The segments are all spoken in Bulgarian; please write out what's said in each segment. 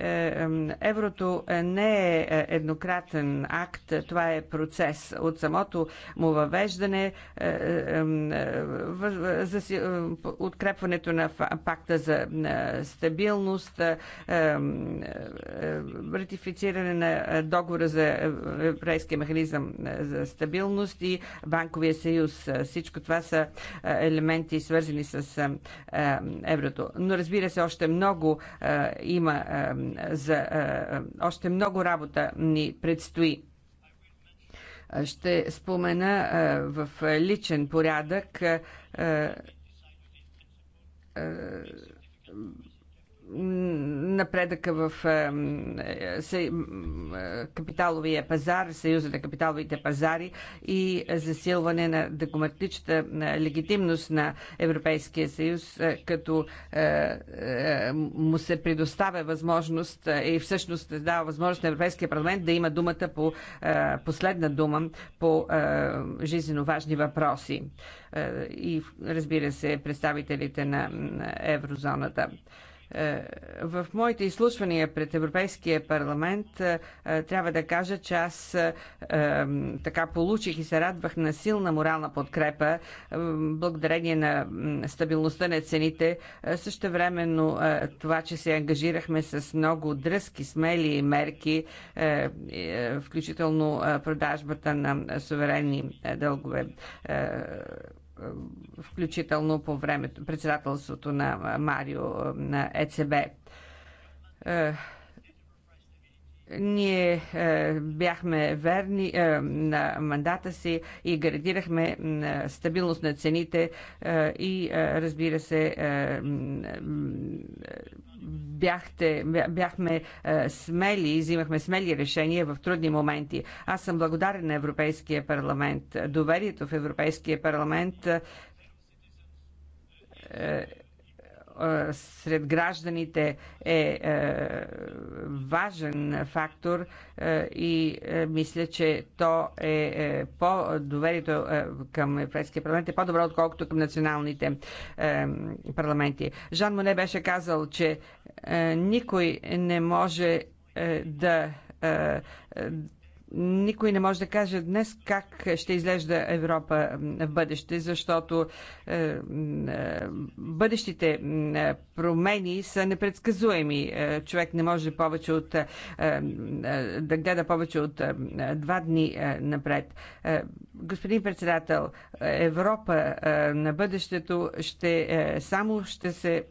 Е, еврото е, не е, е еднократен акт, това е процес. От самото му въвеждане, открепването на пакта за стабилност, ратифициране на договора за европейския механизъм за стабилност и банковия съюз. Всичко това са елементи свързани с еврото. Но разбира се, още много има за още много работа ни предстои. Ще спомена в личен порядък напредъка в е, е, е, капиталовия пазар, Съюза на капиталовите пазари и засилване на демократичната легитимност на Европейския съюз, като му се предоставя възможност и всъщност дава възможност на Европейския парламент да има думата по последна дума по жизненно важни въпроси и разбира се представителите на еврозоната. Е, в моите изслушвания пред Европейския парламент е, е, трябва да кажа, че аз така получих и се радвах на силна морална подкрепа благодарение на стабилността на цените. Също времено това, че се ангажирахме с много дръзки, смели мерки, включително продажбата на суверенни дългове включително по времето председателството на Марио на ЕЦБ. Е, ние е, бяхме верни е, на мандата си и гарантирахме е, стабилност на цените е, и е, разбира се е, е, бяхте, бяхме е, смели и взимахме смели решения в трудни моменти. Аз съм благодарен на Европейския парламент. Доверието в Европейския парламент е, е, сред гражданите е, е важен фактор е, и мисля, че то е по доверието към Европейския парламент е по-добро, отколкото към националните парламенти. Жан Моне беше казал, че никой не може да никой не може да каже днес как ще изглежда Европа в бъдеще, защото е, е, бъдещите е, промени са непредсказуеми. Е, човек не може повече от е, е, да гледа повече от два дни напред. Господин председател, Европа на бъдещето ще само ще се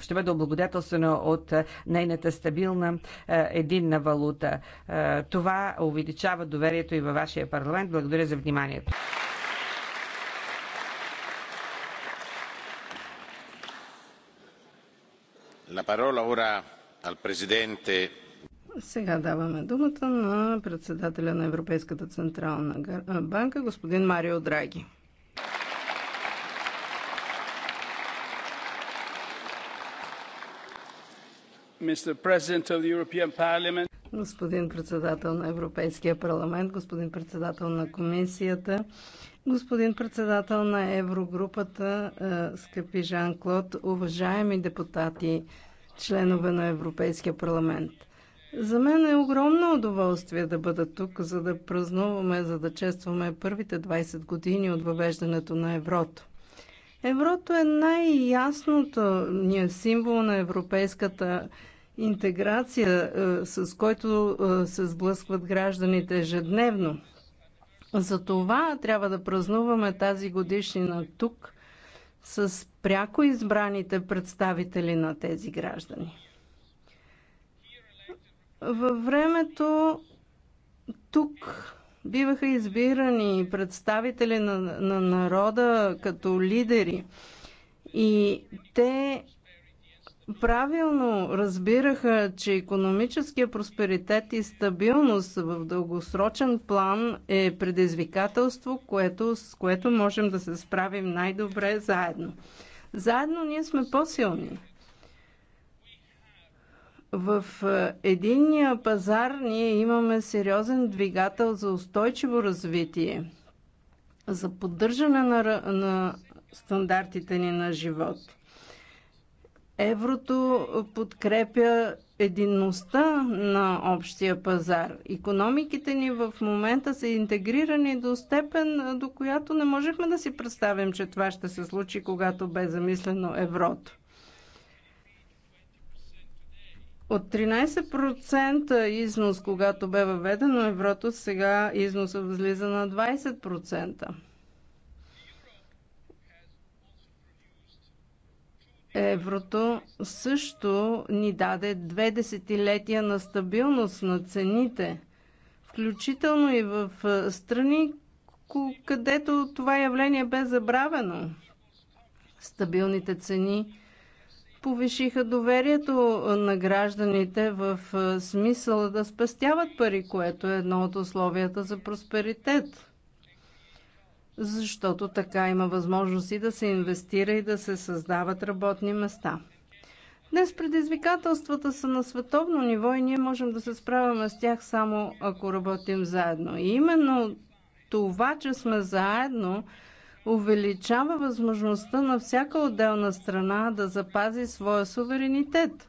ще бъде облагодетелствена от нейната стабилна единна валута. Това увеличава доверието и във вашия парламент. Благодаря за вниманието. Сега даваме думата на председателя на Европейската централна банка, господин Марио Драги. Господин председател на Европейския парламент, господин председател на комисията, Господин председател на Еврогрупата, е, скъпи Жан-Клод, уважаеми депутати, членове на Европейския парламент. За мен е огромно удоволствие да бъда тук, за да празнуваме, за да честваме първите 20 години от въвеждането на еврото. Еврото е най-ясното ни символ на европейската интеграция, е, с който е, се сблъскват гражданите ежедневно. За това трябва да празнуваме тази годишнина тук с пряко избраните представители на тези граждани. Във времето тук биваха избирани представители на, на народа като лидери и те правилно разбираха, че економическия просперитет и стабилност в дългосрочен план е предизвикателство, което, с което можем да се справим най-добре заедно. Заедно ние сме по-силни. В е, единния пазар ние имаме сериозен двигател за устойчиво развитие, за поддържане на, на стандартите ни на живот – Еврото подкрепя единността на общия пазар. Економиките ни в момента са интегрирани до степен, до която не можехме да си представим, че това ще се случи, когато бе замислено еврото. От 13% износ, когато бе въведено еврото, сега износът възлиза на 20%. Еврото също ни даде две десетилетия на стабилност на цените, включително и в страни, където това явление бе забравено. Стабилните цени повишиха доверието на гражданите в смисъла да спестяват пари, което е едно от условията за просперитет защото така има възможности да се инвестира и да се създават работни места. Днес предизвикателствата са на световно ниво и ние можем да се справяме с тях само ако работим заедно. И именно това, че сме заедно, увеличава възможността на всяка отделна страна да запази своя суверенитет.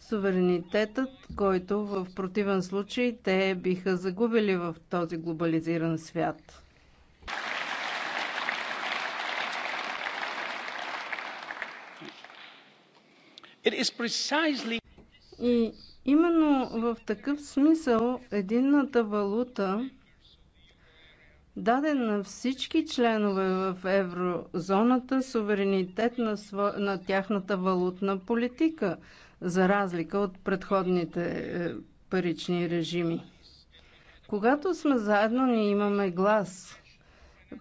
Суверенитетът, който в противен случай те биха загубили в този глобализиран свят. И именно в такъв смисъл единната валута даде на всички членове в еврозоната суверенитет на, сво... на тяхната валутна политика, за разлика от предходните е, парични режими. Когато сме заедно, ние имаме глас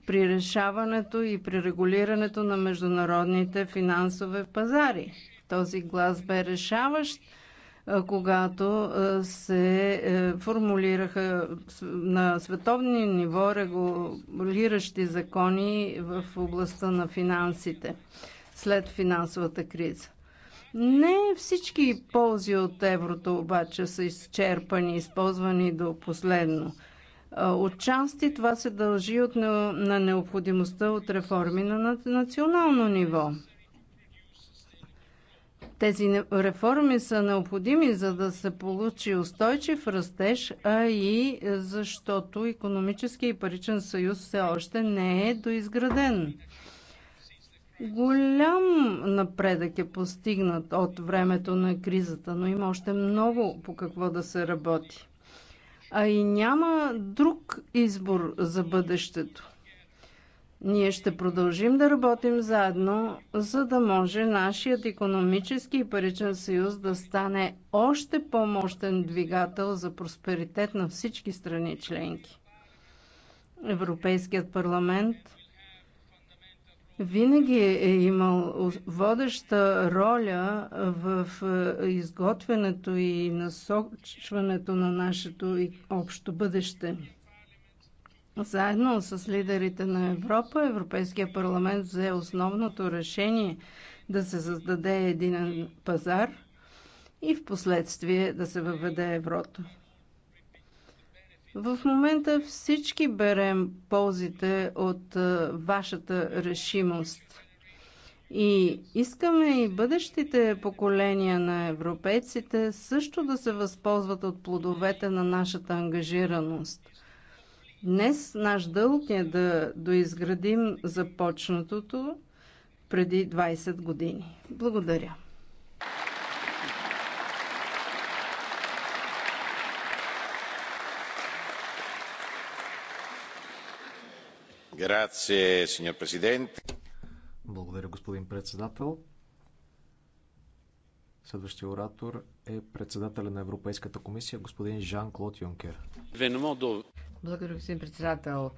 при решаването и при регулирането на международните финансови пазари. Този глас бе решаващ, когато се е, формулираха на световни ниво регулиращи закони в областта на финансите след финансовата криза. Не всички ползи от еврото обаче са изчерпани, използвани до последно. Отчасти това се дължи от, на необходимостта от реформи на национално ниво. Тези реформи са необходими, за да се получи устойчив растеж, а и защото економически и паричен съюз все още не е доизграден. Голям напредък е постигнат от времето на кризата, но има още много по какво да се работи а и няма друг избор за бъдещето. Ние ще продължим да работим заедно, за да може нашият економически и паричен съюз да стане още по-мощен двигател за просперитет на всички страни членки. Европейският парламент винаги е имал водеща роля в е, изготвянето и насочването на нашето общо бъдеще. Заедно с лидерите на Европа, Европейския парламент взе основното решение да се създаде един пазар и в последствие да се въведе еврото. В момента всички берем ползите от вашата решимост. И искаме и бъдещите поколения на европейците също да се възползват от плодовете на нашата ангажираност. Днес наш дълг е да доизградим започнатото преди 20 години. Благодаря. президент. Благодаря, господин председател. Следващия оратор е председателя на Европейската комисия, господин Жан-Клод Юнкер. Благодаря, господин председател.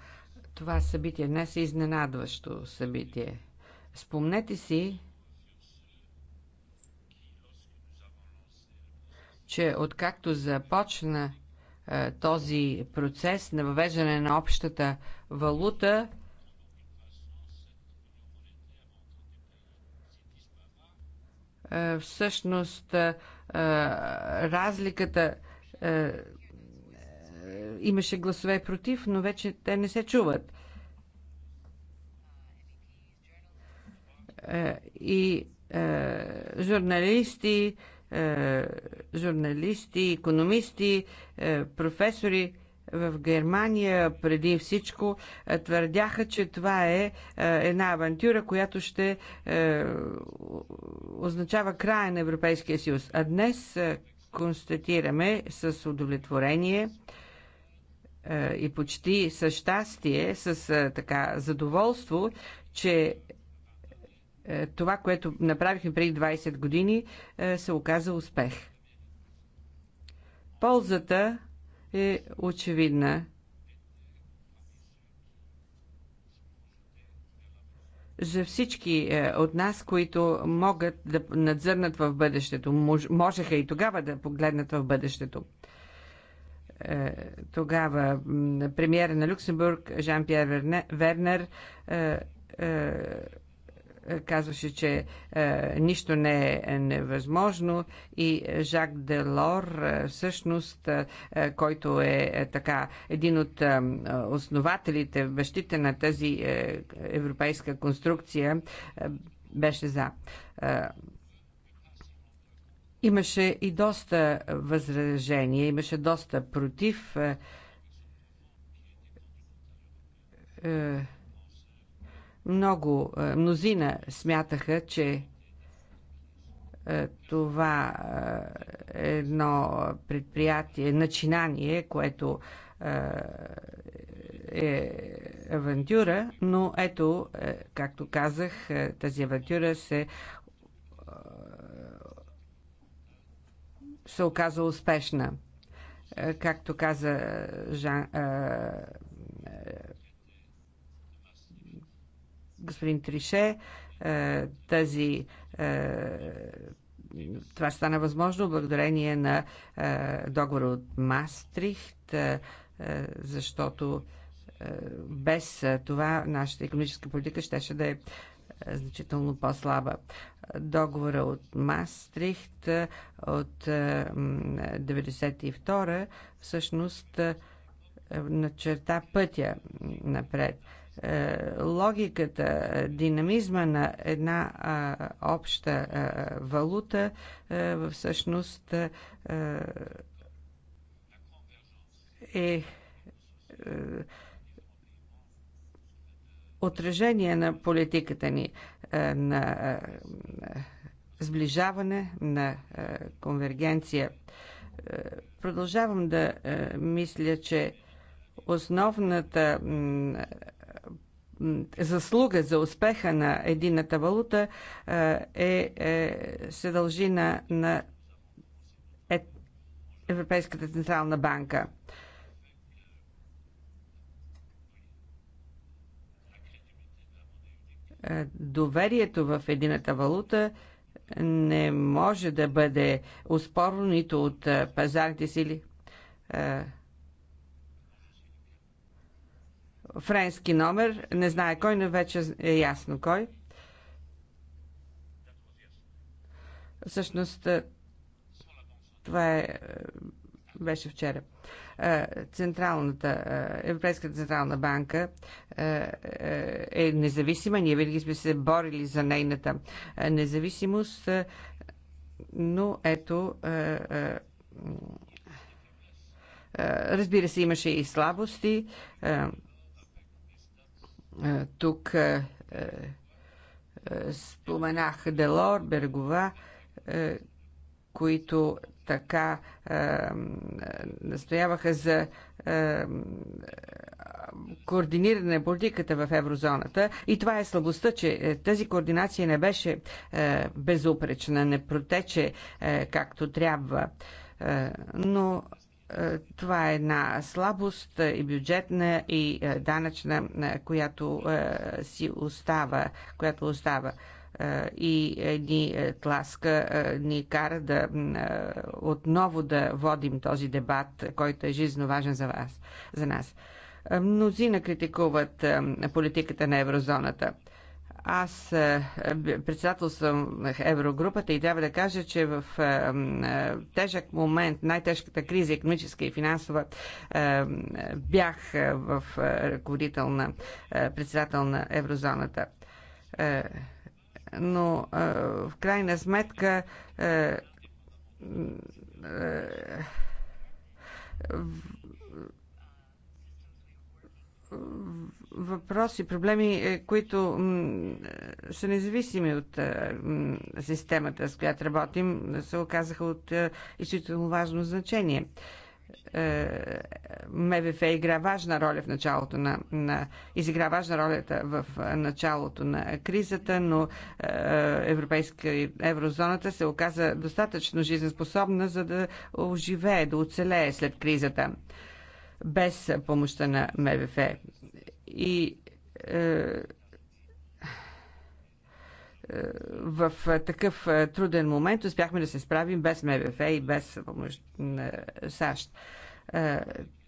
Това събитие днес е изненадващо събитие. Спомнете си, че откакто започна е, този процес на въвеждане на общата валута, е, всъщност е, разликата е, имаше гласове против, но вече те не се чуват. И журналисти, журналисти, економисти, професори в Германия преди всичко е, твърдяха, че това е, е една авантюра, която ще е, означава края на Европейския съюз. А днес констатираме с удовлетворение и почти с щастие, с така задоволство, че това, което направихме преди 20 години, се оказа успех. Ползата е очевидна. за всички е, от нас, които могат да надзърнат в бъдещето, можеха и тогава да погледнат в бъдещето. Е, тогава премиера на Люксембург Жан-Пьер Вернер е, казваше, че е, нищо не е, е невъзможно и Жак Делор е, всъщност, е, е, който е, е така един от е, основателите, бащите на тази е, европейска конструкция, е, беше за. Е, имаше и доста възражения, имаше доста против. Е, е, много, е, мнозина смятаха, че е, това е едно предприятие, начинание, което е, е авантюра, но ето, както казах, тази авантюра се се оказа успешна. Както каза Жан, господин Трише, е, тази е, това стана възможно благодарение на е, договора от Мастрихт, защото без това нашата економическа политика щеше да е значително по-слаба. Договора от Мастрихт от 1992 всъщност начерта пътя напред. Е, логиката, е, динамизма на една обща валута е, всъщност е отражение на политиката ни на сближаване, на конвергенция. Продължавам да мисля, че основната заслуга за успеха на едината валута е, е, се дължи на, на е, Европейската централна банка. Е, доверието в едината валута не може да бъде успорно нито от е, пазарните сили. Е, френски номер, не знае кой, но вече е ясно кой. Всъщност, е, това е, е, беше вчера. Е, централната, Европейската централна банка е независима. Ние винаги сме се борили за нейната независимост, но ето Разбира се, имаше и слабости. Тук споменах Делор, Бергова, които така настояваха за координиране на политиката в еврозоната. И това е слабостта, че е, тази координация не беше е, безупречна, не протече е, както трябва. Но е, това е една слабост е, и бюджетна и е, данъчна, която си остава, която остава и ни тласка, ни кара да отново да водим този дебат, който е жизненно важен за, вас, за нас. Мнозина критикуват политиката на еврозоната. Аз е, председател съм Еврогрупата и трябва да кажа, че в е, е, тежък момент, най-тежката криза, економическа и финансова, бях в ръководител на председател на еврозоната. Но в крайна сметка въпроси, проблеми, е, които е, са независими от е, системата, с която работим, се оказаха от изключително важно значение. МВФ игра важна роля в началото на, на изигра важна роля в началото на кризата, но европейска еврозоната се оказа достатъчно жизнеспособна, за да оживее, да оцелее след кризата без помощта на МВФ и е, е, в такъв е, труден момент успяхме да се справим без МВФ и без помощ на САЩ.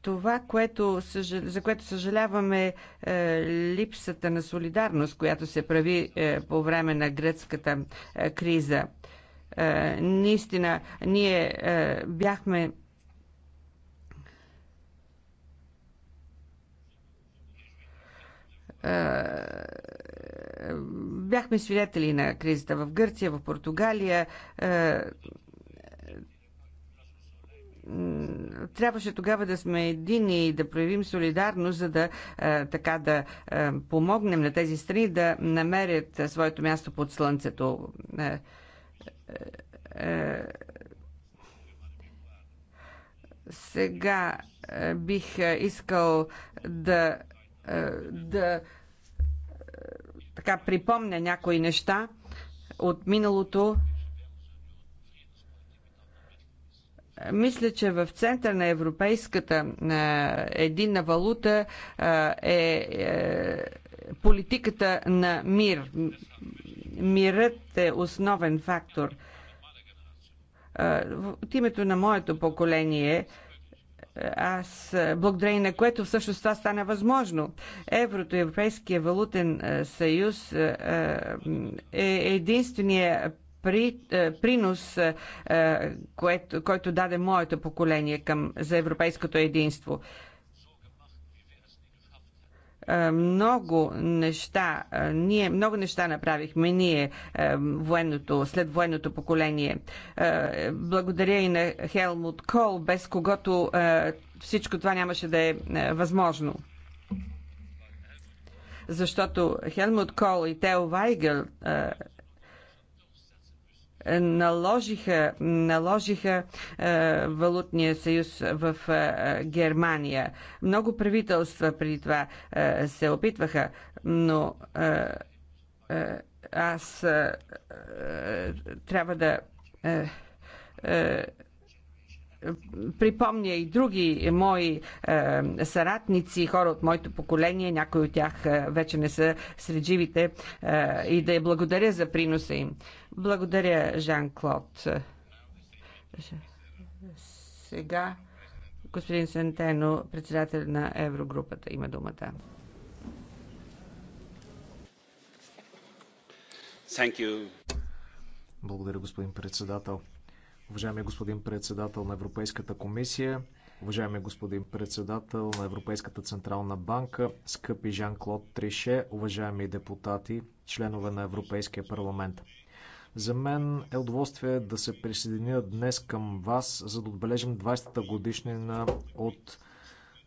Това, което, за което съжаляваме е липсата на солидарност, която се прави по време на гръцката криза. Наистина, ние бяхме Е, бяхме свидетели на кризата в Гърция, в Португалия. Е, трябваше тогава да сме едини и да проявим солидарност, за да е, така да помогнем на тези страни да намерят своето място под слънцето сега бих искал да е, да е, така припомня някои неща от миналото. Мисля, че в център на европейската единна валута е, е политиката на мир. Мирът е основен фактор. От името на моето поколение аз, е, благодарение на което всъщност това стана възможно. Еврото, Европейския валутен е, съюз е, е единствения при, принос, което, който даде моето поколение към, за европейското единство. Е, много неща, е, ние много неща направихме ние е, военното, след военното поколение. Благодаря и на Хелмут Кол, без когото всичко това нямаше да е възможно. Защото Хелмут Кол и Тео Вайгъл наложиха, наложиха е, валутния съюз в е, Германия. Много правителства преди това е, се опитваха, но е, е, аз е, е трябва да. Е, е, припомня и други мои е, съратници, хора от моето поколение, някои от тях е, вече не са сред живите, е, и да я благодаря за приноса им. Благодаря, Жан-Клод. Сега господин Сентено, председател на Еврогрупата, има думата. Thank you. Благодаря, господин председател. Уважаеми господин председател на Европейската комисия, уважаеми господин председател на Европейската централна банка, скъпи Жан-Клод Трише, уважаеми депутати, членове на Европейския парламент. За мен е удоволствие да се присъединя днес към вас, за да отбележим 20-та годишнина от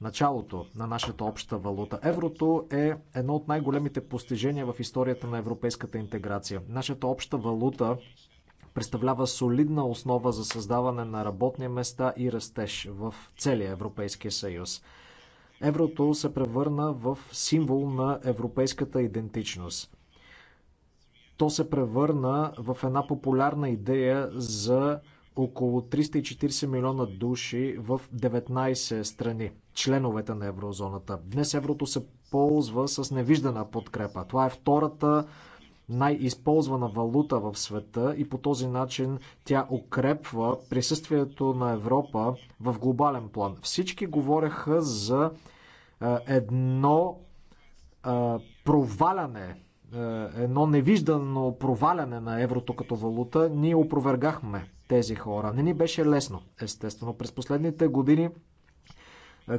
началото на нашата обща валута. Еврото е едно от най-големите постижения в историята на европейската интеграция. Нашата обща валута представлява солидна основа за създаване на работни места и растеж в целия Европейския съюз. Еврото се превърна в символ на европейската идентичност. То се превърна в една популярна идея за около 340 милиона души в 19 страни, членовете на еврозоната. Днес еврото се ползва с невиждана подкрепа. Това е втората най-използвана валута в света и по този начин тя укрепва присъствието на Европа в глобален план. Всички говореха за едно проваляне, едно невиждано проваляне на еврото като валута. Ние опровергахме тези хора. Не ни беше лесно, естествено. През последните години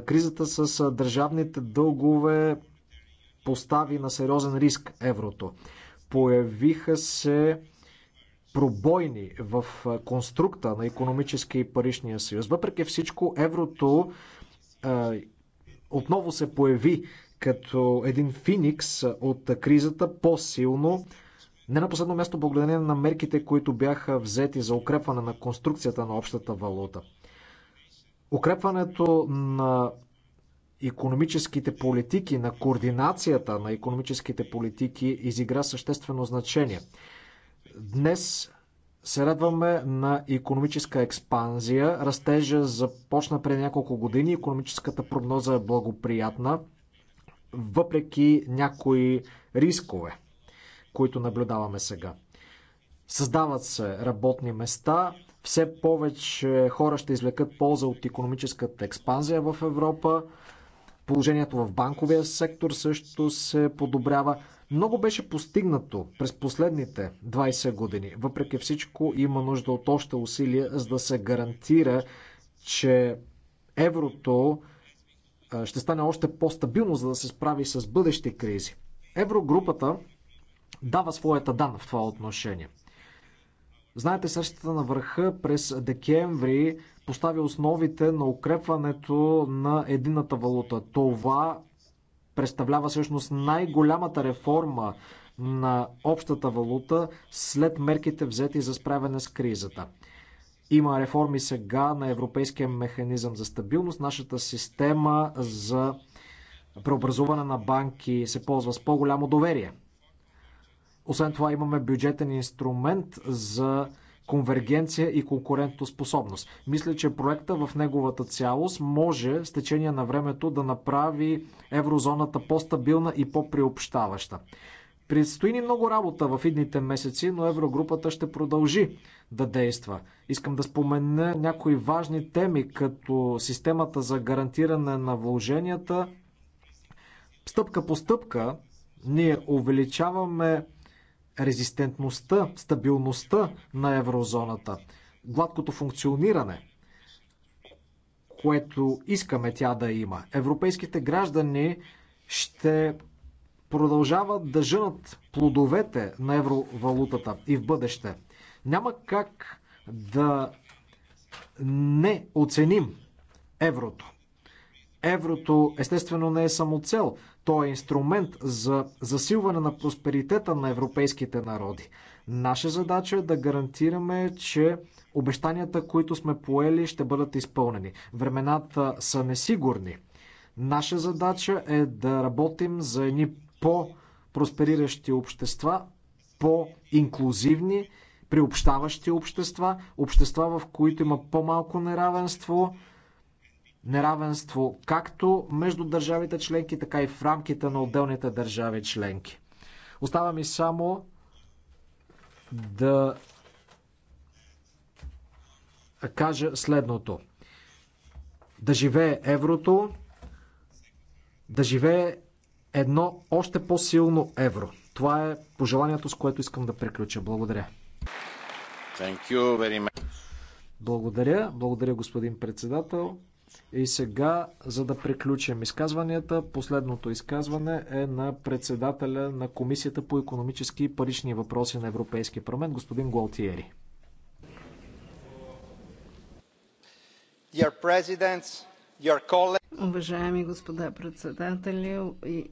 кризата с държавните дългове постави на сериозен риск еврото. Появиха се пробойни в конструкта на економическия и паричния съюз. Въпреки всичко, еврото а, отново се появи като един феникс от кризата по-силно. Не на последно място, благодарение на мерките, които бяха взети за укрепване на конструкцията на общата валута. Укрепването на економическите политики, на координацията на економическите политики изигра съществено значение. Днес се радваме на економическа експанзия. Растежа започна преди няколко години. Економическата прогноза е благоприятна, въпреки някои рискове, които наблюдаваме сега. Създават се работни места, все повече хора ще извлекат полза от економическата експанзия в Европа. Положението в банковия сектор също се подобрява. Много беше постигнато през последните 20 години. Въпреки всичко има нужда от още усилия, за да се гарантира, че еврото ще стане още по-стабилно, за да се справи с бъдещи кризи. Еврогрупата дава своята дан в това отношение. Знаете, срещата на върха през декември постави основите на укрепването на едината валута. Това представлява всъщност най-голямата реформа на общата валута след мерките взети за справяне с кризата. Има реформи сега на Европейския механизъм за стабилност. Нашата система за преобразуване на банки се ползва с по-голямо доверие. Освен това имаме бюджетен инструмент за конвергенция и конкурентоспособност. Мисля, че проекта в неговата цялост може с течение на времето да направи еврозоната по-стабилна и по-приобщаваща. Предстои ни много работа в идните месеци, но Еврогрупата ще продължи да действа. Искам да спомена някои важни теми, като системата за гарантиране на вложенията. Стъпка по стъпка ние увеличаваме резистентността, стабилността на еврозоната, гладкото функциониране, което искаме тя да има. Европейските граждани ще продължават да жънат плодовете на евровалутата и в бъдеще. Няма как да не оценим еврото. Еврото естествено не е само цел, то е инструмент за засилване на просперитета на европейските народи. Наша задача е да гарантираме, че обещанията, които сме поели, ще бъдат изпълнени. Времената са несигурни. Наша задача е да работим за едни по-проспериращи общества, по-инклюзивни, приобщаващи общества, общества, в които има по-малко неравенство, неравенство както между държавите членки, така и в рамките на отделните държави членки. Остава ми само да кажа следното. Да живее еврото, да живее едно още по-силно евро. Това е пожеланието, с което искам да приключа. Благодаря. Благодаря. Благодаря, господин председател. И сега, за да приключим изказванията, последното изказване е на председателя на Комисията по економически и парични въпроси на Европейския парламент, господин Гуалтиери. Уважаеми господа председатели и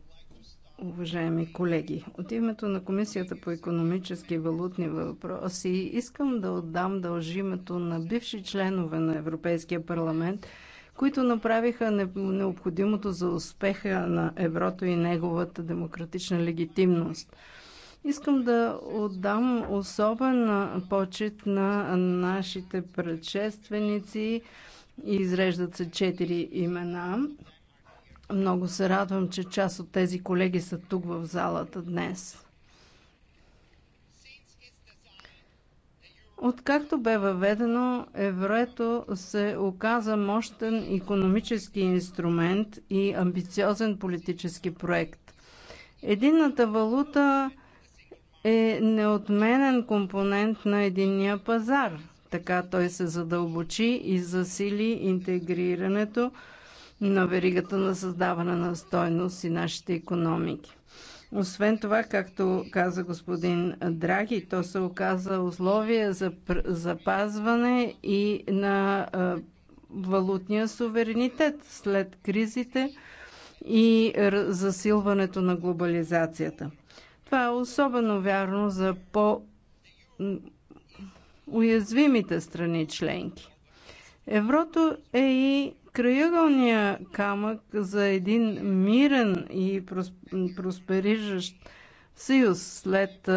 уважаеми колеги! От името на Комисията по економически и валутни въпроси искам да отдам дължимето на бивши членове на Европейския парламент – които направиха необходимото за успеха на еврото и неговата демократична легитимност. Искам да отдам особен почет на нашите предшественици. Изреждат се четири имена. Много се радвам, че част от тези колеги са тук в залата днес. Откакто бе въведено, еврото се оказа мощен економически инструмент и амбициозен политически проект. Единната валута е неотменен компонент на единния пазар. Така той се задълбочи и засили интегрирането на веригата на създаване на стойност и нашите економики. Освен това, както каза господин Драги, то се оказа условие за запазване и на валутния суверенитет след кризите и засилването на глобализацията. Това е особено вярно за по уязвимите страни членки. Еврото е и краягълния камък за един мирен и просперижащ съюз след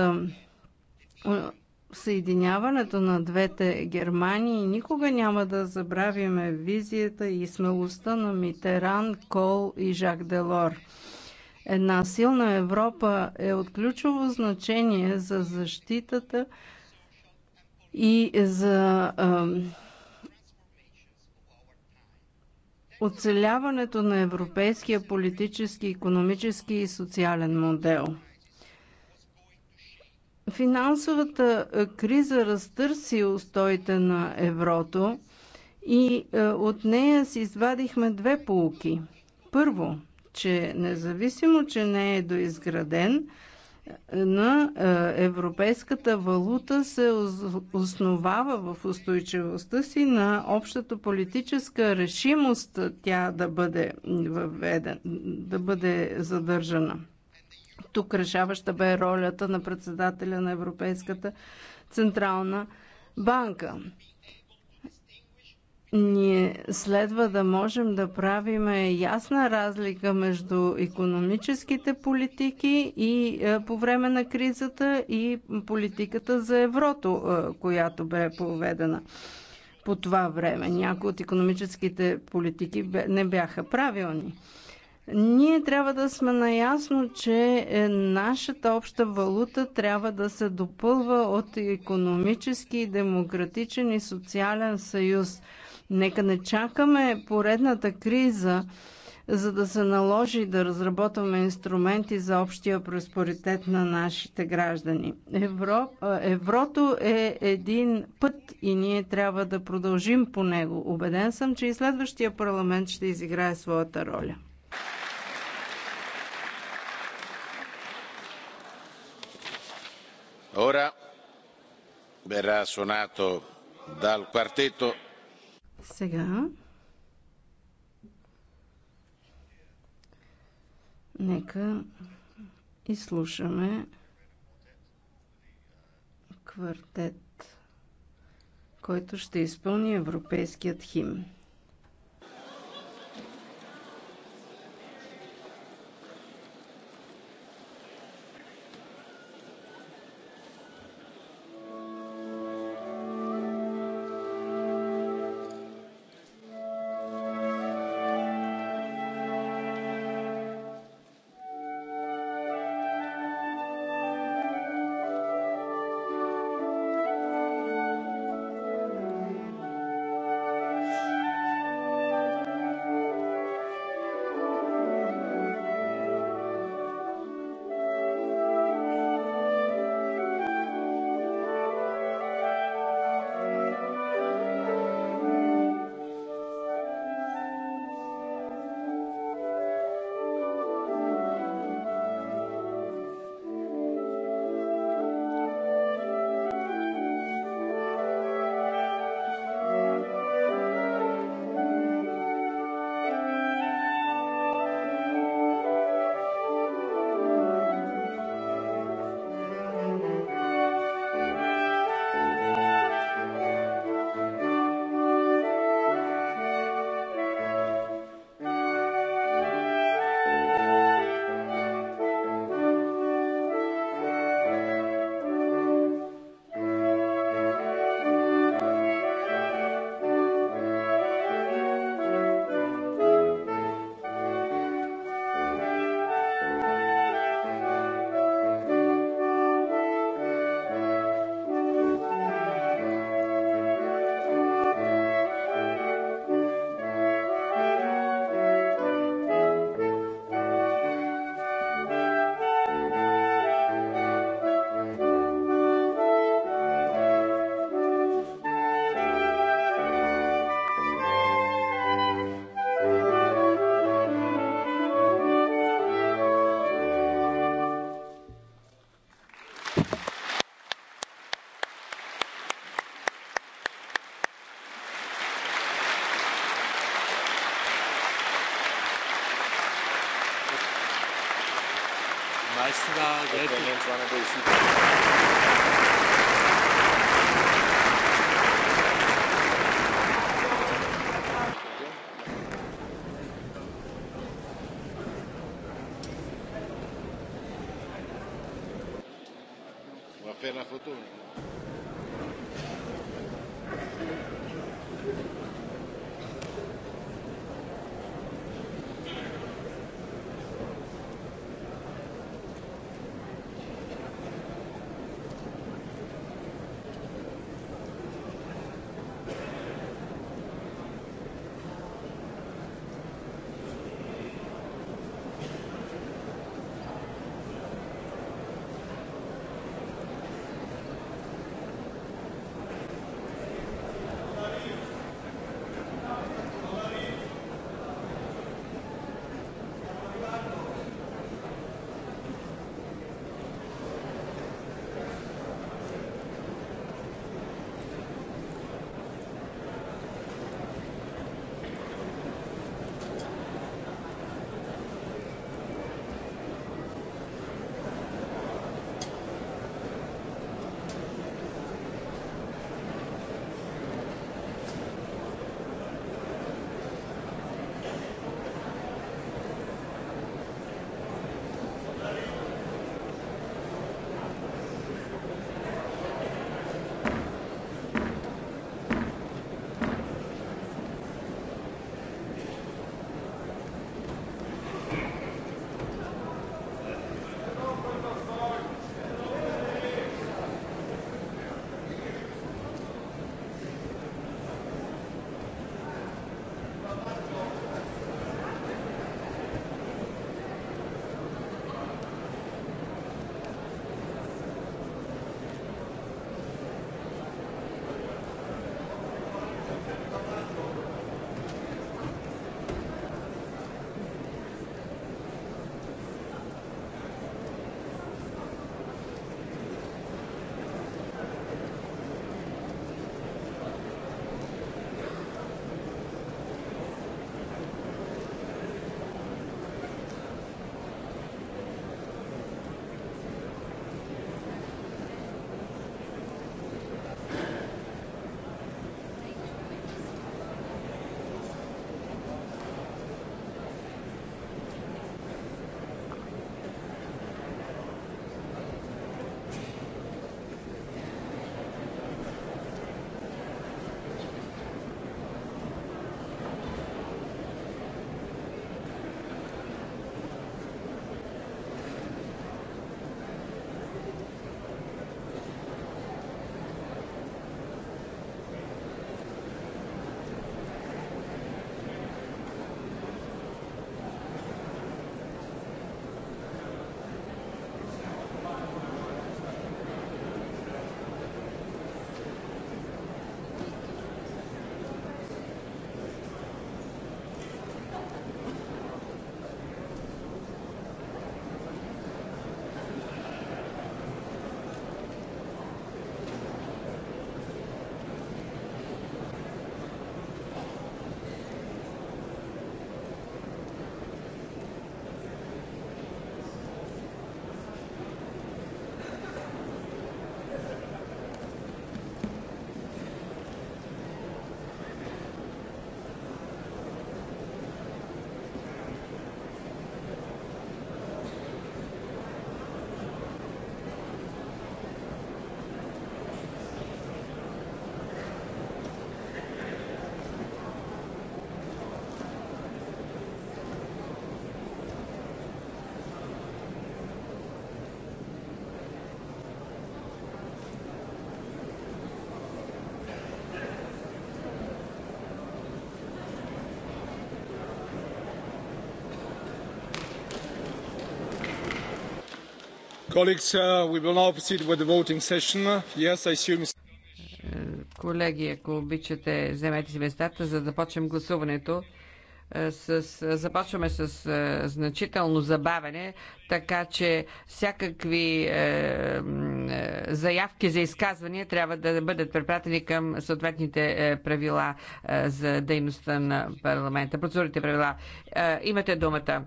съединяването на двете Германии. Никога няма да забравиме визията и смелостта на Митеран, Кол и Жак Делор. Една силна Европа е от ключово значение за защитата и за оцеляването на европейския политически, економически и социален модел. Финансовата криза разтърси устоите на еврото и от нея си извадихме две полуки. Първо, че независимо, че не е доизграден, на е, европейската валута се основава в устойчивостта си на общата политическа решимост тя да бъде въведен, да бъде задържана. Тук решаваща бе ролята на председателя на Европейската централна банка ние следва да можем да правиме ясна разлика между економическите политики и е, по време на кризата и политиката за еврото, е, която бе поведена по това време. Някои от економическите политики не бяха правилни. Ние трябва да сме наясно, че е, нашата обща валута трябва да се допълва от економически, демократичен и социален съюз – Нека не чакаме поредната криза, за да се наложи да разработваме инструменти за общия проспоритет на нашите граждани. Евро, еврото е един път и ние трябва да продължим по него. Обеден съм, че и следващия парламент ще изиграе своята роля. Ora verrà suonato dal quartetto сега нека изслушаме квартет, който ще изпълни европейският химн. Leistung da. Uh, Колеги, ако обичате, вземете си местата, за да почнем гласуването. Е, с, започваме с е, значително забавене, така че всякакви е, заявки за изказвания трябва да бъдат препратени към съответните правила за дейността на парламента, процедурите правила. имате думата.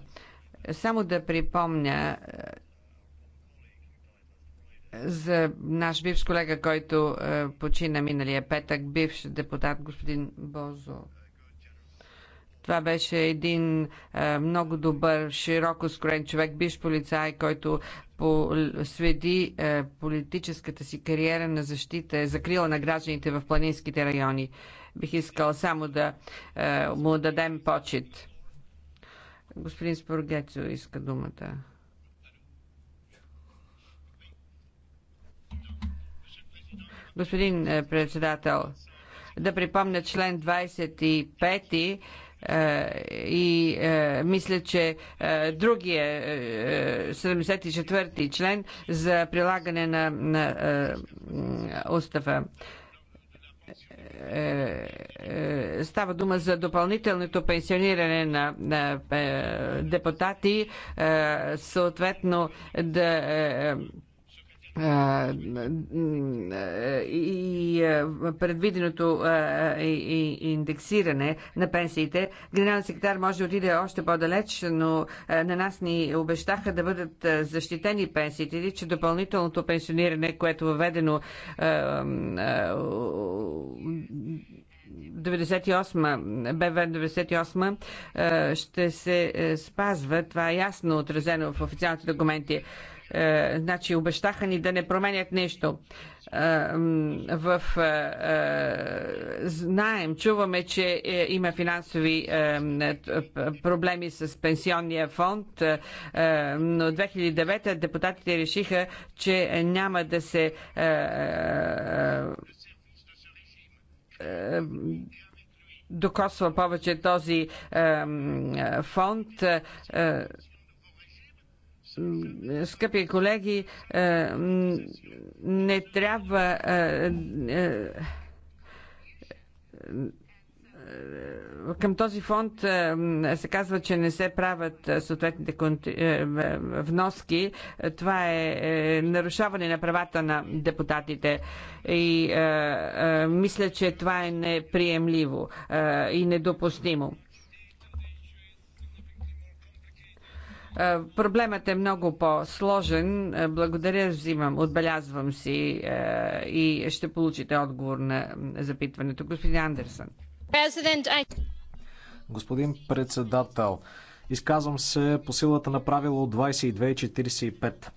Само да припомня, за наш бивш колега, който е, почина миналия петък, бивш депутат господин Бозо. Това беше един е, много добър, широко скорен човек, бивш полицай, който следи е, политическата си кариера на защита, е закрила на гражданите в планинските райони. Бих искал само да е, му дадем почет. Господин Споргецо иска думата. Господин е, председател, да припомня член 25 е, и е, мисля, че е, другия е, 74-ти член за прилагане на, на е, устава. Е, става дума за допълнителното пенсиониране на, на депутати, съответно да и предвиденото индексиране на пенсиите. Генерален секретар може да отиде още по-далеч, но на нас ни обещаха да бъдат защитени пенсиите че допълнителното пенсиониране, което е въведено 98, БВ 98 ще се спазва. Това е ясно отразено в официалните документи. Е, значи обещаха ни да не променят нещо. Е, в, е, е, знаем, чуваме, че е, има финансови е, е проблеми с пенсионния фонд, е, е но 2009 депутатите решиха, че няма да се. Е, е, докосва повече този е, фонд. Е, Скъпи колеги, е, не трябва е, е, към този фонд се казва, че не се правят съответните вноски. Това е нарушаване на правата на депутатите и мисля, че това е неприемливо и недопустимо. Е, проблемът е много по-сложен. Е, благодаря, взимам, отбелязвам си е, и ще получите отговор на запитването. Господин Андерсън. Господин председател, изказвам се по силата на правило 2245.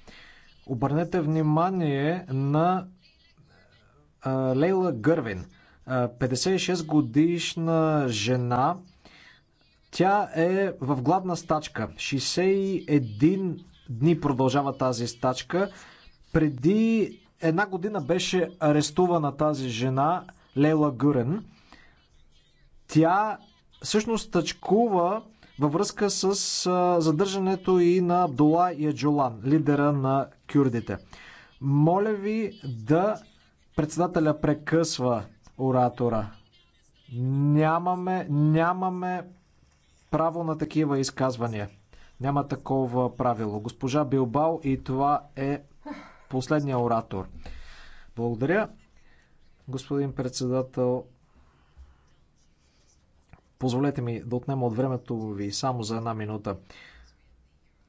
Обърнете внимание на Лейла Гървин, 56 годишна жена, тя е в гладна стачка. 61 дни продължава тази стачка. Преди една година беше арестувана тази жена, Лейла Гюрен. Тя всъщност стачкува във връзка с задържането и на Абдула Яджолан, лидера на кюрдите. Моля ви да председателя прекъсва оратора. Нямаме, нямаме право на такива изказвания. Няма такова правило. Госпожа Билбал и това е последния оратор. Благодаря, господин председател. Позволете ми да отнема от времето ви само за една минута.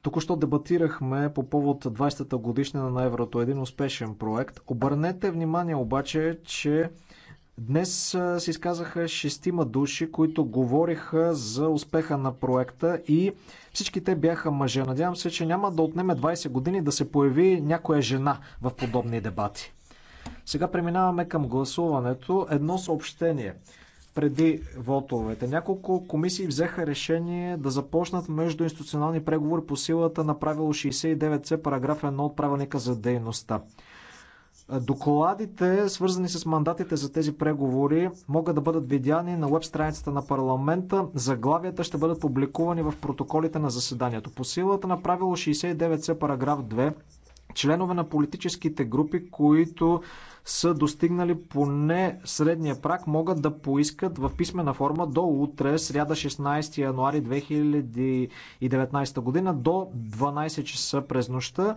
Току-що дебатирахме по повод 20-та годишнина на еврото. Един успешен проект. Обърнете внимание обаче, че Днес се изказаха шестима души, които говориха за успеха на проекта и всички те бяха мъже. Надявам се, че няма да отнеме 20 години да се появи някоя жена в подобни дебати. Сега преминаваме към гласуването. Едно съобщение преди вотовете. Няколко комисии взеха решение да започнат междуинституционални преговори по силата на правило 69c, параграф 1 от правилника за дейността. Докладите, свързани с мандатите за тези преговори, могат да бъдат видяни на веб страницата на парламента. Заглавията ще бъдат публикувани в протоколите на заседанието. По силата на правило 69c параграф 2, членове на политическите групи, които са достигнали поне средния прак, могат да поискат в писмена форма до утре, сряда 16 януари 2019 година, до 12 часа през нощта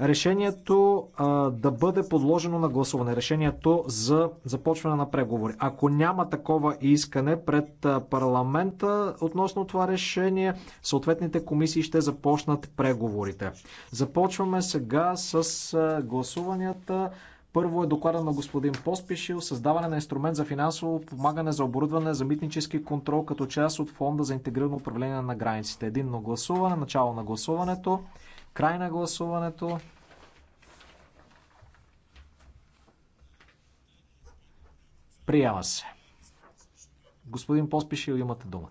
решението а, да бъде подложено на гласуване, решението за започване на преговори. Ако няма такова искане пред парламента относно това решение, съответните комисии ще започнат преговорите. Започваме сега с гласуванията. Първо е доклада на господин Поспешил създаване на инструмент за финансово помагане за оборудване за митнически контрол като част от фонда за интегрирано управление на границите. Единно гласуване, начало на гласуването. Край на гласуването. Приема се. Господин Поспишил, имате думата.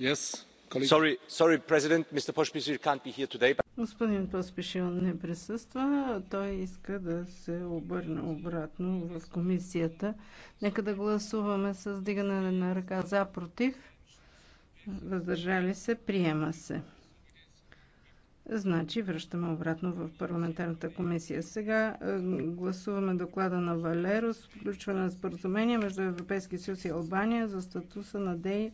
Yes, sorry, sorry, President, Mr. Pospishil can't be here today. But... Господин Поспишил не присъства. Той иска да се обърне обратно в комисията. Нека да гласуваме с дигане на ръка за, против въздържали се, приема се. Значи връщаме обратно в парламентарната комисия. Сега е, гласуваме доклада на Валеро с включване на споразумение между Европейския съюз и Албания за статуса на, дей...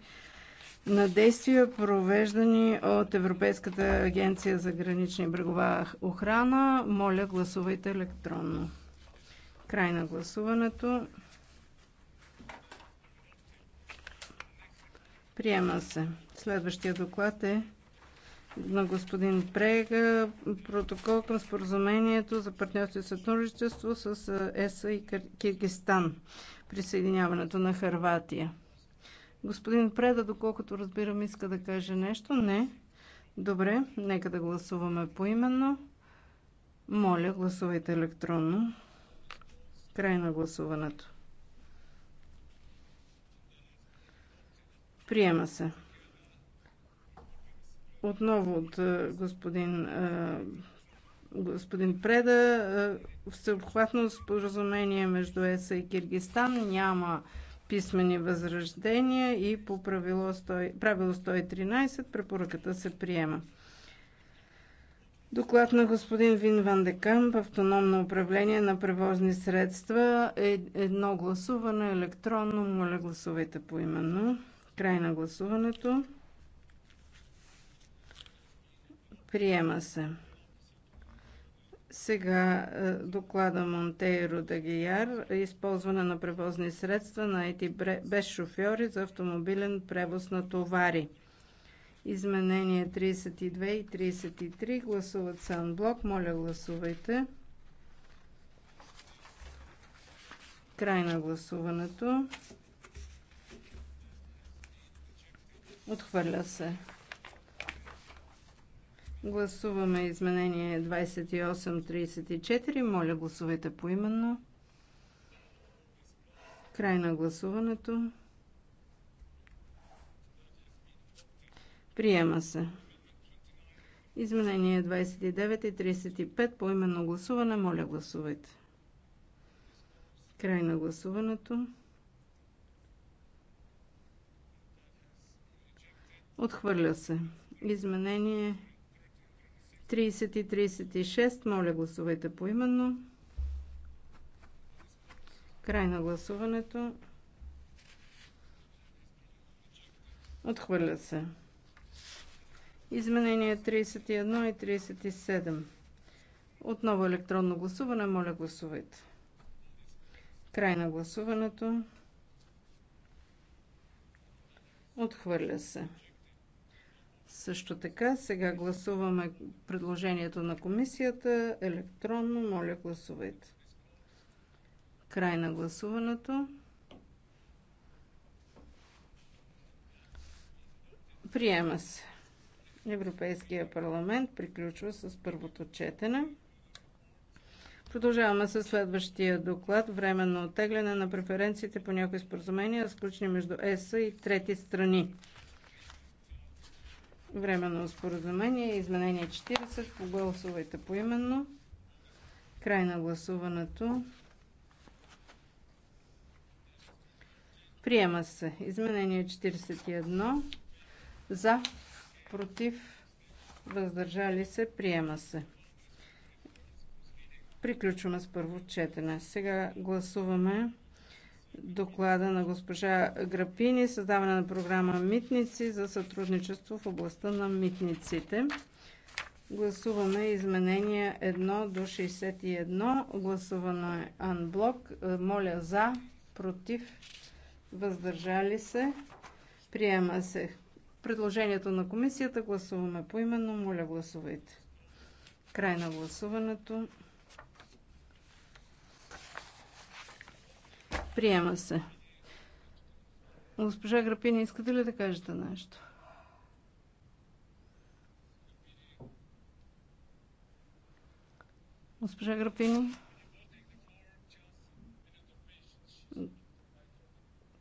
на действия, провеждани от Европейската агенция за гранични и брегова охрана. Моля, гласувайте електронно. Край на гласуването. Приема се. Следващия доклад е на господин Прега протокол към споразумението за партньорство и сътрудничество с ЕСА и Киргистан, присъединяването на Харватия. Господин Преда, доколкото разбирам, иска да каже нещо. Не. Добре, нека да гласуваме поименно. Моля, гласувайте електронно. Край на гласуването. Приема се. Отново от е, господин, е, господин Преда. Е, всеобхватно споразумение между ЕСА и Киргистан няма писмени възраждения и по правило, 100, правило 113 препоръката се приема. Доклад на господин Вин Ван Декамп, автономно управление на превозни средства, е едно гласуване електронно, моля гласувайте по именно. Край на гласуването. Приема се. Сега е, доклада Монтейро Дагияр използване на превозни средства на ети без шофьори за автомобилен превоз на товари. Изменение 32 и 33 гласуват се Моля гласувайте. Край на гласуването. Отхвърля се. Гласуваме изменение 2834. Моля, гласувайте поименно. Край на гласуването. Приема се. Изменение 29 и 35 по именно гласуване. Моля, гласувайте. Край на гласуването. Отхвърля се. Изменение 30 и 36. Моля, гласувайте поименно. Край на гласуването. Отхвърля се. Изменение 31 и 37. Отново електронно гласуване. Моля, гласувайте. Край на гласуването. Отхвърля се. Също така, сега гласуваме предложението на комисията електронно. Моля, гласувайте. Край на гласуването. Приема се. Европейския парламент приключва с първото четене. Продължаваме с следващия доклад. Временно оттегляне на преференциите по някои споразумения, сключени между ЕС и трети страни. Временно споразумение, изменение 40, погласувайте поименно. Край на гласуването. Приема се. Изменение 41. За, против, въздържали се. Приема се. Приключваме с първо четене. Сега гласуваме доклада на госпожа Грапини, създаване на програма Митници за сътрудничество в областта на митниците. Гласуваме изменения 1 до 61. Гласуваме анблок. Е, моля за, против, въздържали се. Приема се. Предложението на комисията гласуваме поименно. Моля гласувайте. Край на гласуването. Приема се. Госпожа Грапина, искате ли да кажете нещо? Госпожа Грапини?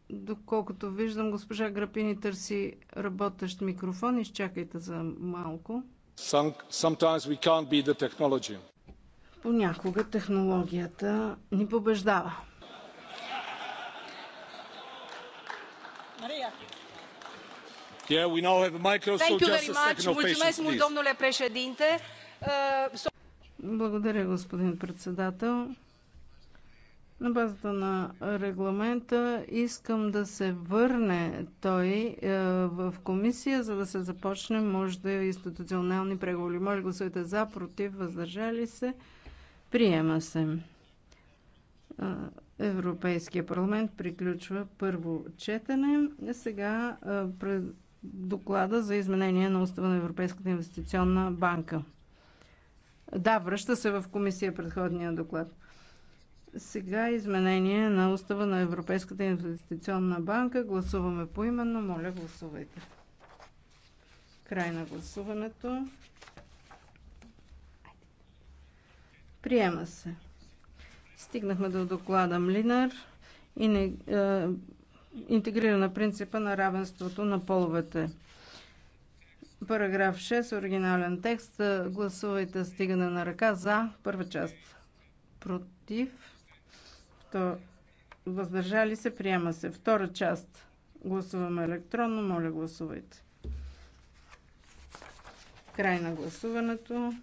Доколкото виждам, госпожа Грапини търси работещ микрофон. Изчакайте за малко. Sometimes we can't be the technology. Понякога технологията ни побеждава. domnule președinte uh, благодаря господин председател. На базата на регламента искам да се върне той е, в комисия, за да се започне, може да е институционални преговори. Може гласувате за, против, въздържали се. Приема се. Европейския парламент приключва първо четене. Сега пред доклада за изменение на устава на Европейската инвестиционна банка. Да, връща се в комисия предходния доклад. Сега изменение на устава на Европейската инвестиционна банка. Гласуваме поименно. Моля, гласувайте. Край на гласуването. Приема се. Стигнахме до доклада Млинар и не, е, интегрира на принципа на равенството на половете. Параграф 6, оригинален текст. Гласувайте стигане на ръка за първа част. Против. То, въздържали се, приема се. Втора част. Гласуваме електронно. Моля, гласувайте. Край на гласуването.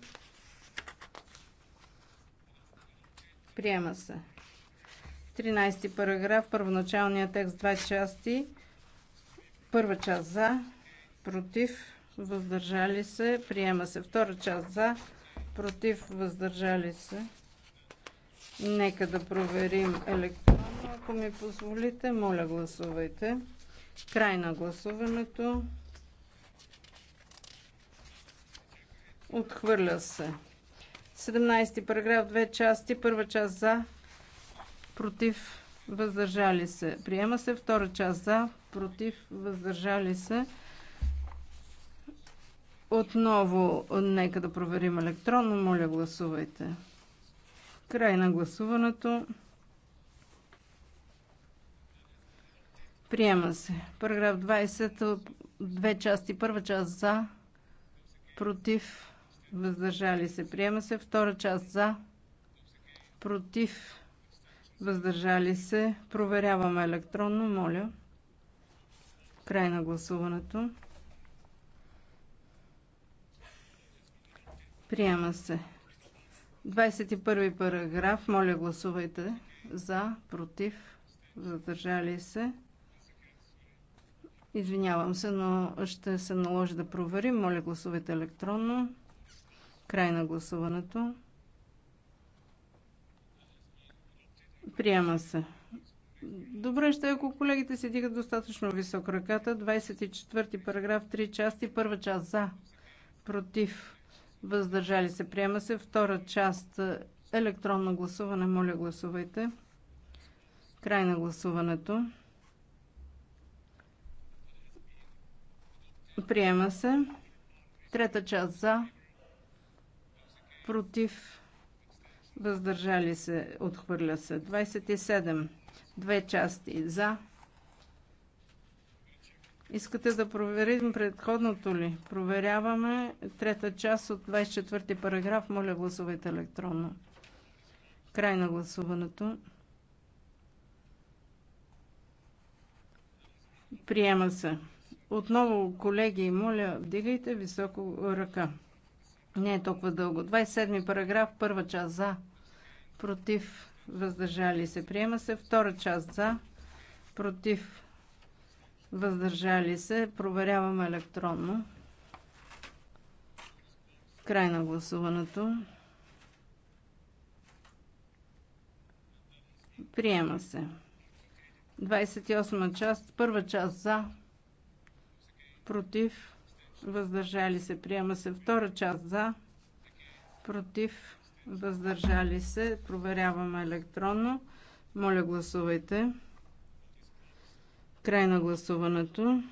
Приема се. 13 параграф, първоначалният текст, два части. Първа част за, против, въздържали се. Приема се. Втора част за, против, въздържали се. Нека да проверим електронно. Ако ми позволите, моля гласувайте. Край на гласуването. Отхвърля се. 17 параграф, две части. Първа част за, против, въздържали се. Приема се втора част за, против, въздържали се. Отново, нека да проверим електронно. Моля, гласувайте. Край на гласуването. Приема се. Параграф 20, две части. Първа част за, против, въздържали се, приема се. Втора част за, против, въздържали се. Проверяваме електронно, моля. Край на гласуването. Приема се. 21 параграф. Моля, гласувайте за, против, Въздържали се. Извинявам се, но ще се наложи да проверим. Моля, гласувайте електронно. Край на гласуването. Приема се. Добре ще ако колегите си дигат достатъчно висок ръката. 24 ти параграф 3 части. Първа част за, против, въздържали се. Приема се. Втора част електронно гласуване. Моля гласувайте. Край на гласуването. Приема се. Трета част за, против, въздържали се, отхвърля се. 27. Две части за. Искате да проверим предходното ли? Проверяваме трета част от 24 параграф. Моля, гласувайте електронно. Край на гласуването. Приема се. Отново, колеги, моля, вдигайте високо ръка. Не е толкова дълго. 27 параграф, първа част за, против, въздържали се. Приема се втора част за, против, въздържали се. Проверяваме електронно. Край на гласуването. Приема се. 28 част, първа част за, против, въздържали се, приема се. Втора част за, против, въздържали се, проверяваме електронно. Моля, гласувайте. Край на гласуването.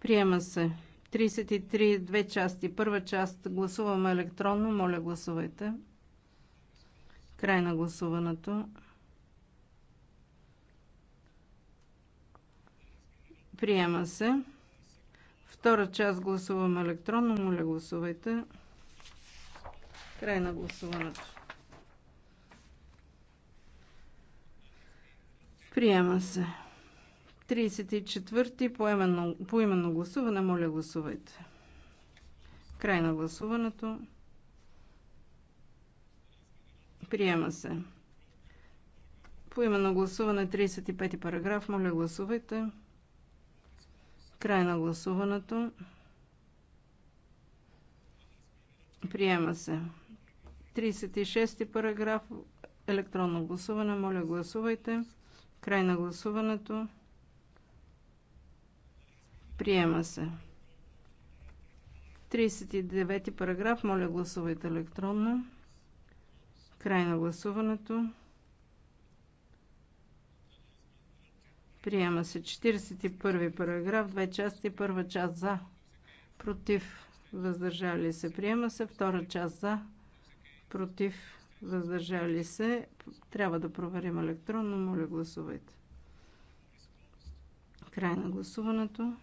Приема се. 33, две части. Първа част гласуваме електронно. Моля, гласувайте. Край на гласуването. Приема се. Втора част гласуваме електронно. Моля, гласувайте. Край на гласуването. Приема се. 34-ти поименно, поименно гласуване. Моля, гласувайте. Край на гласуването. Приема се. Поименно гласуване 35 ти параграф. Моля, гласувайте. Край на гласуването. Приема се. 36 ти параграф. Електронно гласуване. Моля, гласувайте. Край на гласуването. Приема се. 39 параграф. Моля, гласувайте електронно. Край на гласуването. Приема се 41 параграф, две части, първа част за, против, въздържали се. Приема се втора част за, против, въздържали се. Трябва да проверим електронно. Моля, гласувайте. Край на гласуването.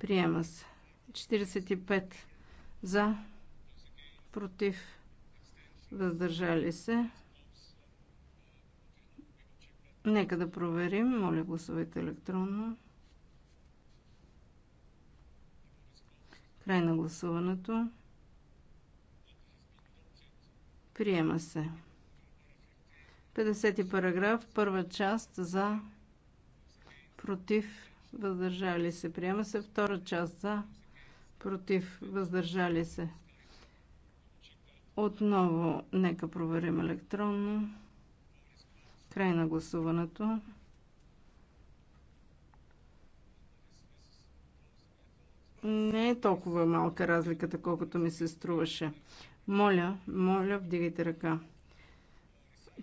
Приема се. 45 за, против, въздържали се. Нека да проверим. Моля, гласувайте електронно. Край на гласуването. Приема се. 50 параграф, първа част за против, въздържали се. Приема се втора част за против, въздържали се. Отново нека проверим електронно. Край на гласуването. Не е толкова малка разликата, колкото ми се струваше. Моля, моля, вдигайте ръка.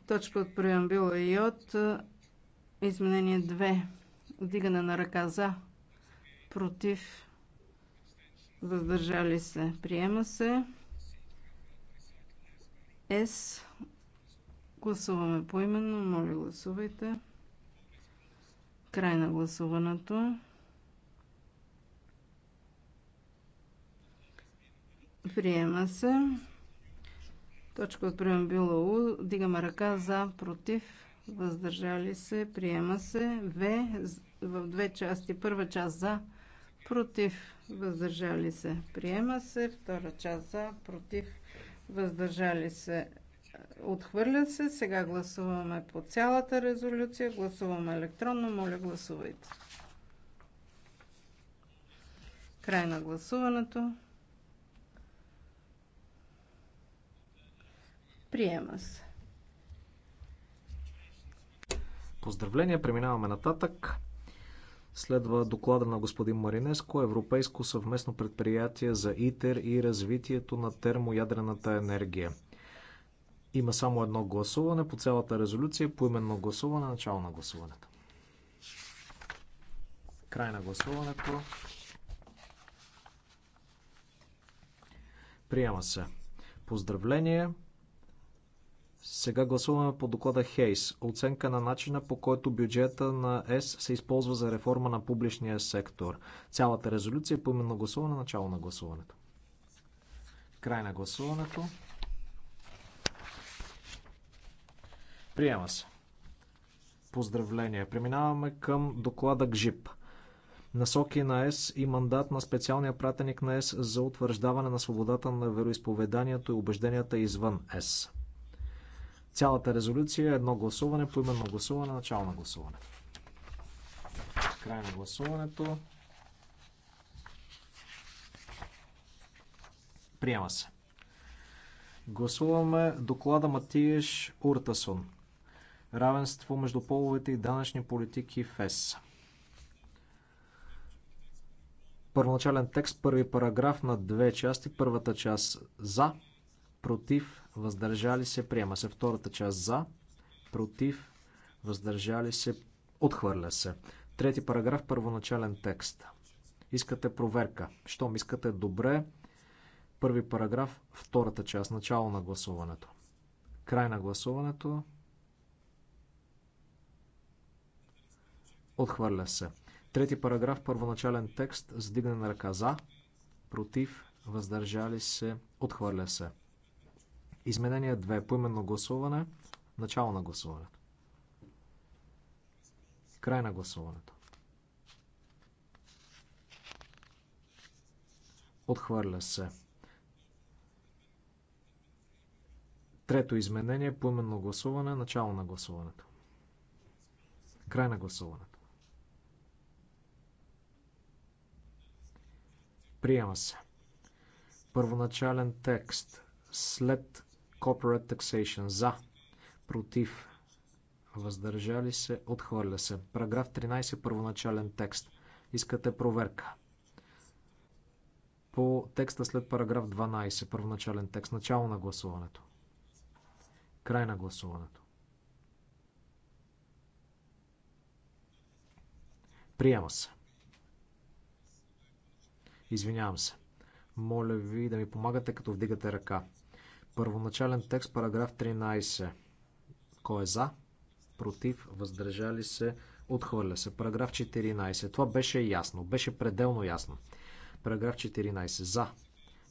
Точка от преамбила и от изменение 2. Вдигане на ръка за, против, въздържали се. Приема се. С Гласуваме поименно. Моля, гласувайте. Край на гласуването. Приема се. Точка от била У. Дигаме ръка за, против, въздържали се. Приема се. В. В две части. Първа част за, против, въздържали се. Приема се. Втора част за, против, въздържали се. Отхвърля се. Сега гласуваме по цялата резолюция. Гласуваме електронно. Моля, гласувайте. Край на гласуването. Приема се. Поздравления, преминаваме нататък. Следва доклада на господин Маринеско, Европейско съвместно предприятие за ИТЕР и развитието на термоядрената енергия. Има само едно гласуване по цялата резолюция, по именно гласуване, начало на гласуването. Край на гласуването. Приема се. Поздравление. Сега гласуваме по доклада Хейс. Оценка на начина по който бюджета на ЕС се използва за реформа на публичния сектор. Цялата резолюция по именно гласуване, начало на гласуването. Край на гласуването. Приема се. Поздравления. Преминаваме към доклада ГЖИП. Насоки на ЕС и мандат на специалния пратеник на ЕС за утвърждаване на свободата на вероисповеданието и убежденията извън ЕС. Цялата резолюция е едно гласуване, по именно гласуване, начало на гласуване. Край на гласуването. Приема се. Гласуваме доклада Матиеш Уртасон равенство между половете и данъчни политики в ЕС. Първоначален текст, първи параграф на две части. Първата част за, против, въздържали се, приема се. Втората част за, против, въздържали се, отхвърля се. Трети параграф, първоначален текст. Искате проверка. Щом искате добре, първи параграф, втората част, начало на гласуването. Край на гласуването. Отхвърля се. Трети параграф, първоначален текст, сдигане на ръка за, против, въздържали се, отхвърля се. Изменение 2. Поименно гласуване. Начало на гласуването. Край на гласуването. Отхвърля се. Трето изменение. Поименно гласуване. Начало на гласуването. Край на гласуването. Приема се. Първоначален текст. След Corporate Taxation. За. Против. Въздържали се. Отхвърля се. Параграф 13. Първоначален текст. Искате проверка. По текста след параграф 12. Първоначален текст. Начало на гласуването. Край на гласуването. Приема се. Извинявам се. Моля ви да ми помагате, като вдигате ръка. Първоначален текст, параграф 13. Кой е за? Против? Въздържали се? Отхвърля се. Параграф 14. Това беше ясно. Беше пределно ясно. Параграф 14. За.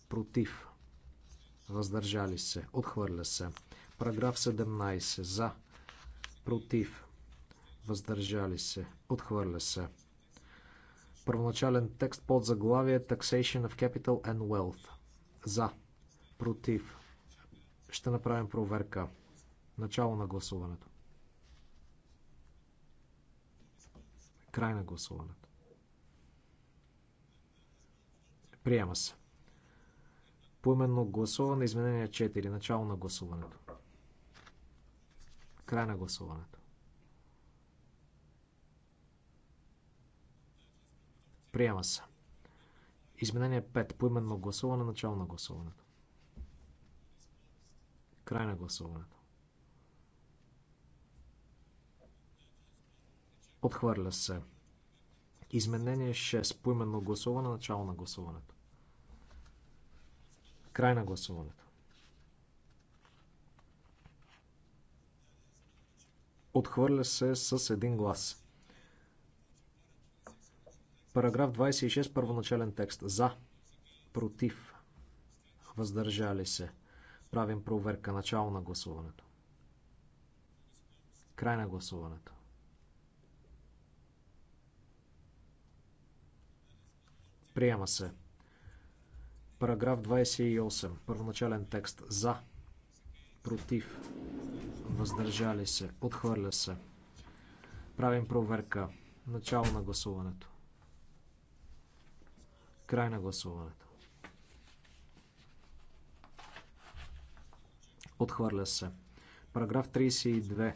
Против. Въздържали се. Отхвърля се. Параграф 17. За. Против. Въздържали се. Отхвърля се. Първоначален текст под заглавие Taxation of Capital and Wealth. За. Против. Ще направим проверка. Начало на гласуването. Край на гласуването. Приема се. Поименно гласуване, изменение 4. Начало на гласуването. Край на гласуването. Приема се. Изменение 5. Поименно гласуване. Начало на гласуването. Край на гласуването. Отхвърля се. Изменение 6. Поименно гласуване. Начало на гласуването. Край на гласуването. Отхвърля се с един глас. Параграф 26, първоначален текст. За, против, въздържали се. Правим проверка. Начало на гласуването. Край на гласуването. Приема се. Параграф 28. Първоначален текст. За. Против. Въздържали се. Отхвърля се. Правим проверка. Начало на гласуването. Край на гласуването. Отхвърля се. Параграф 32.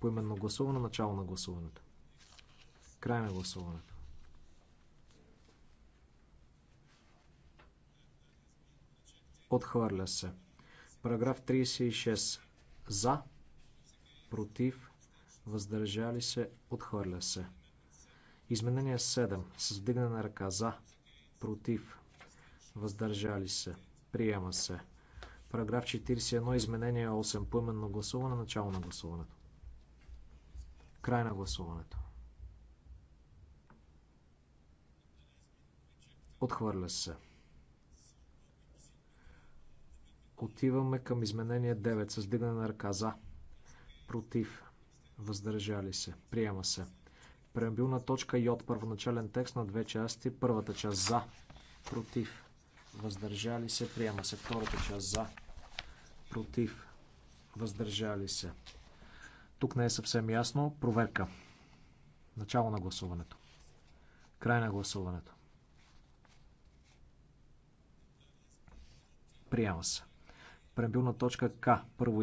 Поименно гласуване, начало на гласуването. Край на гласуването. Отхвърля се. Параграф 36. За, против, въздържали се, отхвърля се. Изменение 7. С вдигане на ръка за, против, въздържали се, приема се. Параграф 41, изменение 8, поименно гласуване, начало на гласуването. Край на гласуването. Отхвърля се. Отиваме към изменение 9 Създигане на ръка за. Против. Въздържали се. Приема се. Преамбилна точка Й от първоначален текст на две части. Първата част за, против, въздържали се, приема се. Втората част за, против, въздържали се. Тук не е съвсем ясно. Проверка. Начало на гласуването. Край на гласуването. Приема се. Преамбилна точка К. Първо